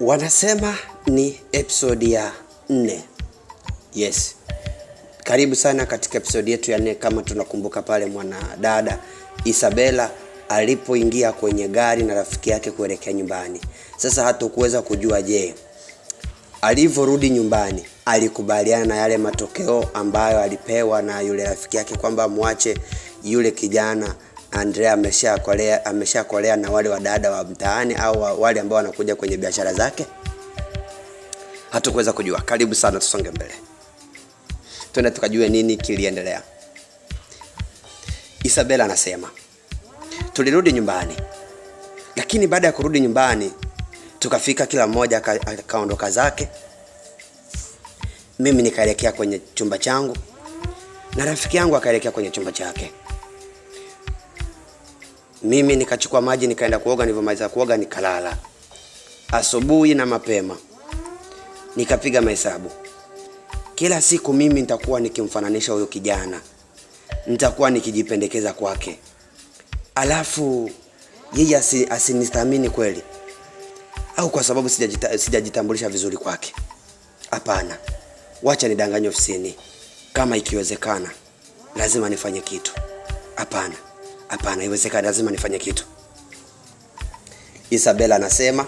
wanasema ni episodi ya nne. Yes, karibu sana katika episodi yetu ya nne. Kama tunakumbuka pale mwanadada Isabela alipoingia kwenye gari na rafiki yake kuelekea nyumbani. Sasa hatukuweza kujua, je, alivyorudi nyumbani alikubaliana na yale matokeo ambayo alipewa na yule rafiki yake kwamba mwache yule kijana Andrea ameshakolea ameshakolea na wale wadada wa mtaani au wale ambao wanakuja kwenye biashara zake? Hatukuweza kujua. Karibu sana, tusonge mbele, twende tukajue nini kiliendelea. Isabella anasema tulirudi nyumbani, lakini baada ya kurudi nyumbani tukafika, kila mmoja akaondoka zake. Mimi nikaelekea kwenye chumba changu na rafiki yangu akaelekea kwenye chumba chake. Mimi nikachukua maji nikaenda kuoga, nilivyomaliza kuoga nikalala. Asubuhi na mapema nikapiga mahesabu. Kila siku mimi nitakuwa nikimfananisha huyo kijana, nitakuwa nikijipendekeza kwake, alafu yeye asinithamini kweli, au kwa sababu sijajitambulisha vizuri kwake. Hapana, wacha nidanganye ofisini, kama ikiwezekana lazima nifanye kitu. Hapana. Hapana, haiwezekani, lazima nifanye kitu. Isabella anasema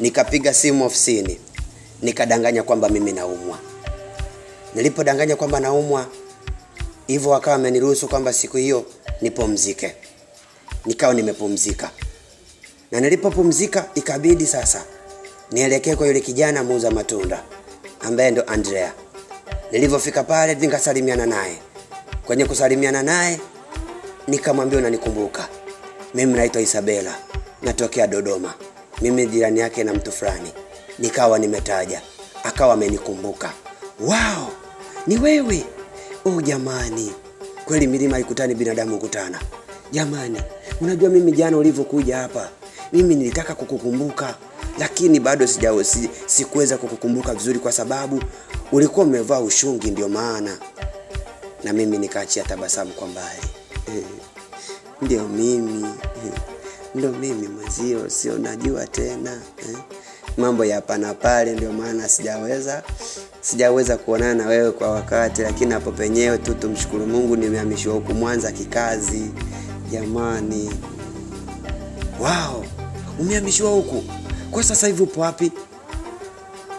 nikapiga simu ofisini nikadanganya kwamba mimi naumwa. Nilipodanganya kwamba naumwa, hivyo wakawa ameniruhusu kwamba siku hiyo nipumzike, nikawa nimepumzika. Na nilipopumzika, ikabidi sasa nielekee kwa yule kijana muuza matunda ambaye ndo Andrea. Nilivyofika pale, nikasalimiana naye. Kwenye kusalimiana naye Nikamwambia unanikumbuka, mimi naitwa Isabela, natokea Dodoma, mimi jirani yake na mtu fulani. Nikawa nimetaja akawa amenikumbuka. Wow, ni wewe! Oh jamani, kweli milima ikutani binadamu hukutana. Jamani, unajua mimi jana ulivyokuja hapa, mimi nilitaka kukukumbuka lakini bado sija si, sikuweza kukukumbuka vizuri kwa sababu ulikuwa umevaa ushungi, ndio maana na mimi nikaachia tabasamu kwa mbali. Eh, ndio mimi eh, ndio mimi mwenzio, sio najua tena eh. Mambo ya pana pale, ndio maana sijaweza sijaweza kuonana na wewe kwa wakati, lakini hapo penyewe tu tumshukuru Mungu, nimehamishwa huku Mwanza kikazi. Jamani, wao, umehamishwa huku kwa sasa hivi, upo wapi?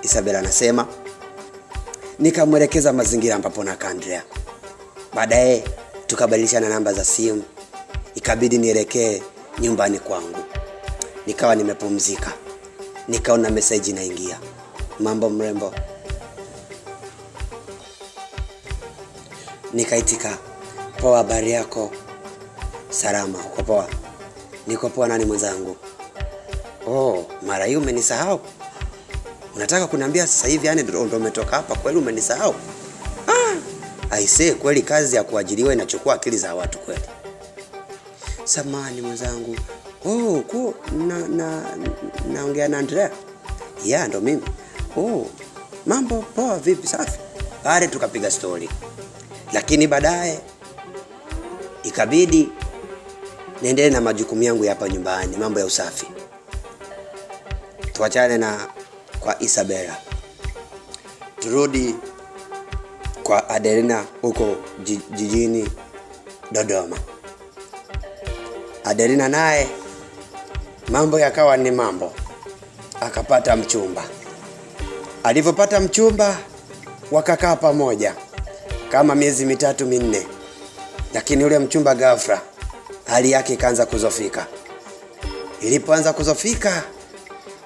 Isabela anasema nikamwelekeza mazingira ambapo na Kandrea baadaye tukabadilishana namba za simu, ikabidi nielekee nyumbani kwangu. Nikawa nimepumzika, nikaona meseji inaingia, mambo mrembo, nikaitika, poa, habari yako, salama, uko poa? Niko poa. Nani mwenzangu? Oh, mara hii umenisahau? Unataka kuniambia sasa hivi yani ndo umetoka hapa kweli umenisahau? Aisee, kweli kazi ya kuajiriwa inachukua akili za watu kweli. Samani mwenzangu, oh, ko na na naongea na Andrea. Yeah, ndo mimi. Oh, mambo poa, vipi? Safi. Pale tukapiga stori, lakini baadaye ikabidi niendelee na majukumu yangu hapa nyumbani, mambo ya usafi. Tuachane na kwa Isabela, turudi kwa Adelina huko jijini Dodoma. Adelina naye mambo yakawa ni mambo, akapata mchumba. Alivyopata mchumba, wakakaa pamoja kama miezi mitatu minne, lakini yule mchumba ghafla hali yake ikaanza kuzofika. Ilipoanza kuzofika,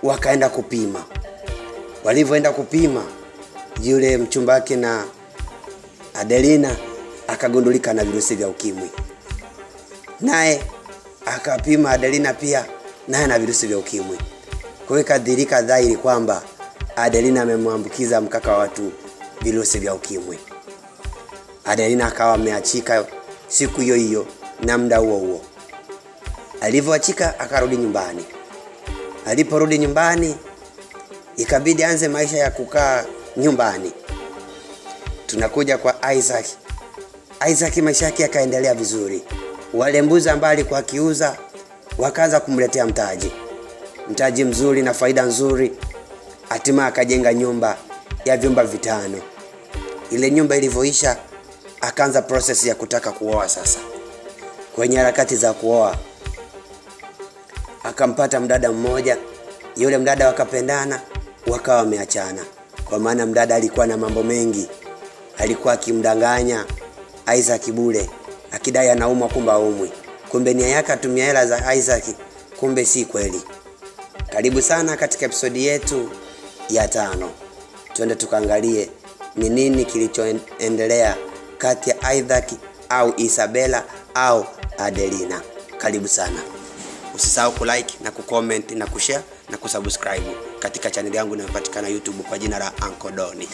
wakaenda kupima. Walivyoenda kupima, yule mchumba wake na Adelina akagundulika na virusi vya ukimwi, naye akapima Adelina pia naye na virusi vya ukimwi. Kwa hiyo ikadhihirika dhahiri kwamba Adelina amemwambukiza mkaka wa watu virusi vya ukimwi. Adelina akawa ameachika siku hiyo hiyo na muda huo huo. Alivyoachika akarudi nyumbani. Aliporudi nyumbani, ikabidi anze maisha ya kukaa nyumbani tunakuja kwa Isaac. Isaac maisha yake yakaendelea vizuri, wale mbuzi ambao alikuwa akiuza wakaanza kumletea mtaji, mtaji mzuri na faida nzuri. Hatimaye akajenga nyumba ya vyumba vitano. Ile nyumba ilivyoisha, akaanza process ya kutaka kuoa. Sasa kwenye harakati za kuoa akampata mdada mmoja, yule mdada wakapendana, wakawa wameachana, kwa maana mdada alikuwa na mambo mengi alikuwa akimdanganya Isaac bure, akidai anaumwa, kumbe aumwi, kumbe nia yake atumia hela za Isaac, kumbe si kweli. Karibu sana katika episodi yetu ya tano, twende tukaangalie ni nini kilichoendelea kati ya Isaac au Isabella au Adelina. Karibu sana, usisahau kulike na kucomment na kushare na kusubscribe katika chaneli yangu inayopatikana YouTube kwa jina la ankodoni